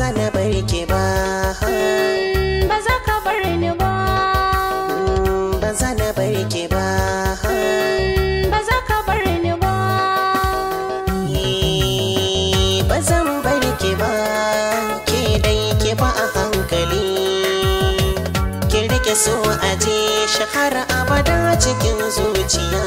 za na bar ba hmm, ba za ka bar ni ba hmm, ba za na bar ba hmm, ba za ka bar ni ba ba zan bar ki ba ke dai ki ba a hankali ki rike so a je shahara abada cikin zuciya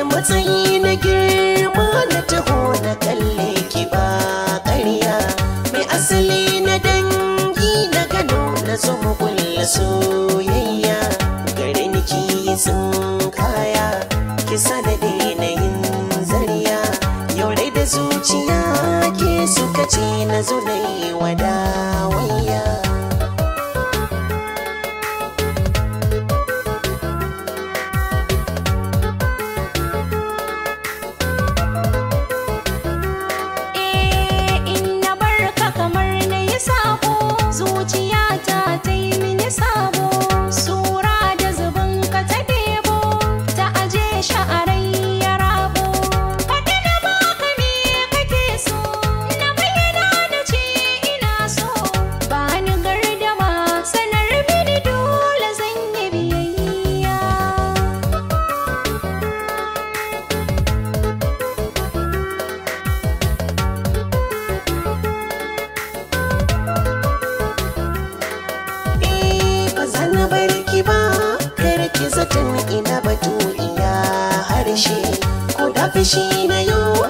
da matsayi na girma na taho na kalle ki ba ƙarya mai asali na dangi na gano na zo kulla soyayya garin ni ki sun kaya kisa da yanayin zariya yau dai da zuciya ke suka ce na zo na yi wadawayya ba kar ki zaton ina batu iya harshe ko da fishi na yau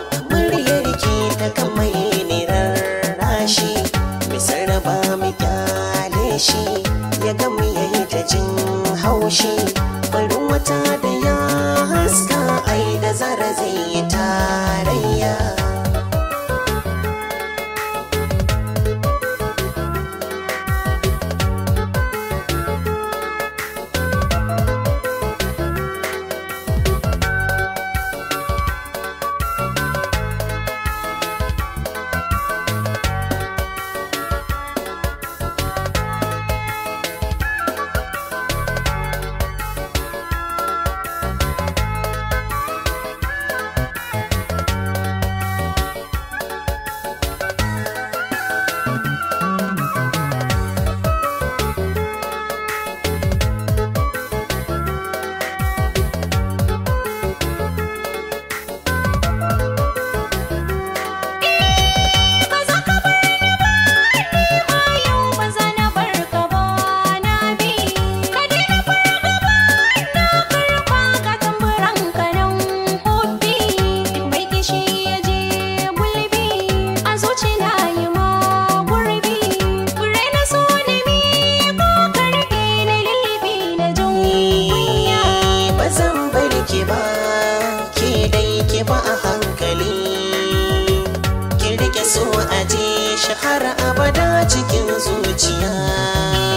so a ji shi har abada cikin zuciya